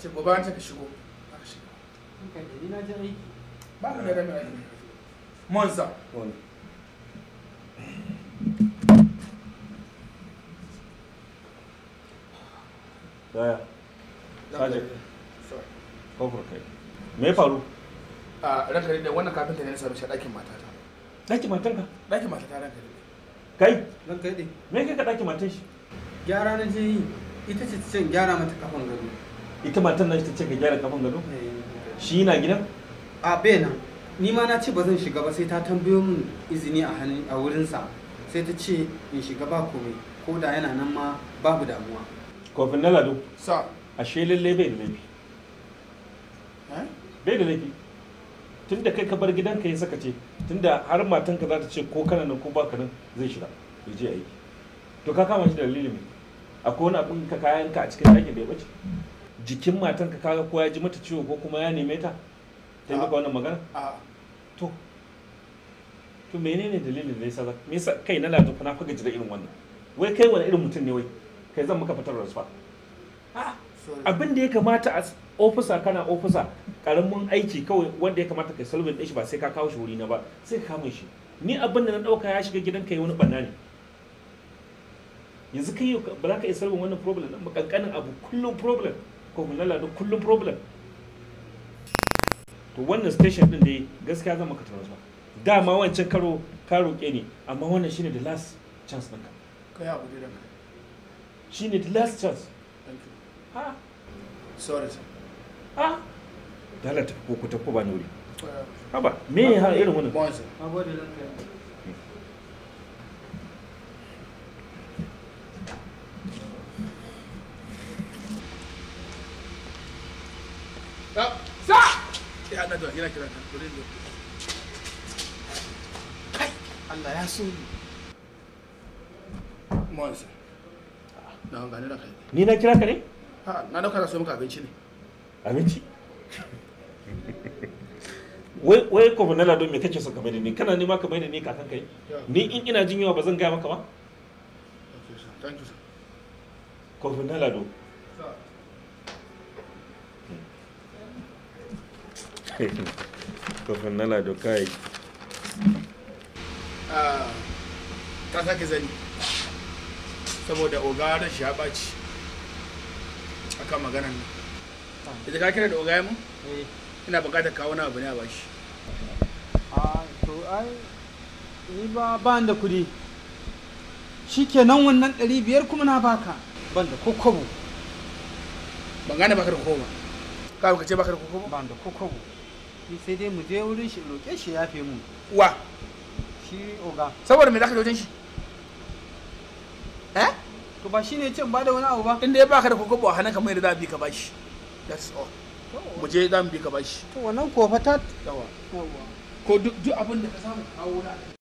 ce gobe an ka shigo shigo na je ba ka Daya. kai. Me faru? A ranka da wannan kafinta ne na shi ɗakin matata. Ɗakin matanka? Dakin matata ranka ne. Kai? Me kai ka dakin matan shi? Gyara na je yi. Ita ce ta gyara mata kafan gado. ita matan nashi ta ce ka gyara kafin gado shi yana gidan a bai ni ma na ce ba zan shiga ba sai ta tambayo min izini a hannun a wurinsa sai ta ce in shiga ba komai ko da yana nan ma babu damuwa kofin na lado sa ashe lalle bai da laifi eh? bai da laifi tun da kai ka bar gidanka ya saka ce tun da har matanka za ta ce ko kana nan ko ka nan zai shiga ya je aiki to ka kama shi da dalilin akwai wani abin ka kayan ka a cikin ɗakin da ya bace jikin ka kaga ko ya ji mata ciwo ko kuma ya neme ta ta yi wannan magana to to menene dalilin da yasa me yasa kai na lado fa na faga jira irin wannan wai kai wani irin mutum ne wai kai zan maka fitar rasuwa abin da ya kamata a ofisa kana ofisa karamin aiki kawai wanda ya kamata kai solving din shi ba sai ka kawo shi wuri na ba sai ka kama shi ni abin da na dauka ya shiga gidan kai wani banna ne yanzu kai ba za ka iya solving wannan problem din ba kankanin abu kullum problem ko mu lalata kullum problem to wannan station din dai gaskiya zama ka tarwazo dama wancan karo ka roƙe ne amma wannan shine the last chance ɗinka kai abu da ranka shine the last chance thank you ha sorry sir ha dalata ko ku ta ko ba nuri haba me ha irin wannan ba sir abu da ranka za ya na zuwa kira ka Allah ya so ni monsa na hanga ne na kai ni na kira ka ne ha na dauka na so maka abinci ne abinci wai wai na lado me kake ka da ni kana nema ka da ni kakan kai ni in ina jin yawa ba zan gaya maka ba thank you sir na lado kofin na lado kai ta ah, sake zani saboda ogarar shi ya ɓaci a kan maganan nan ita ka kira da ya mu eh. ina bukatar kawo na abu ne a bashi ah, to ai ni ba ba da ke nan wannan ɗari biyar kuma na baka ban da kokobo ban gane bakar kokobo ka ce bakar kokobo ban da kokobo sai dai mu je wurin shi roƙe shi ya fe mu wa shi oga saboda me zaka je wajen shi eh to ba shine ce ba da wani abu ba inda ya baka da kokobo a hannun kamar yadda za bi ka bashi that's all mu je za mu bi ka bashi to wannan kofa ta yawa ko duk abin da ka samu kawo na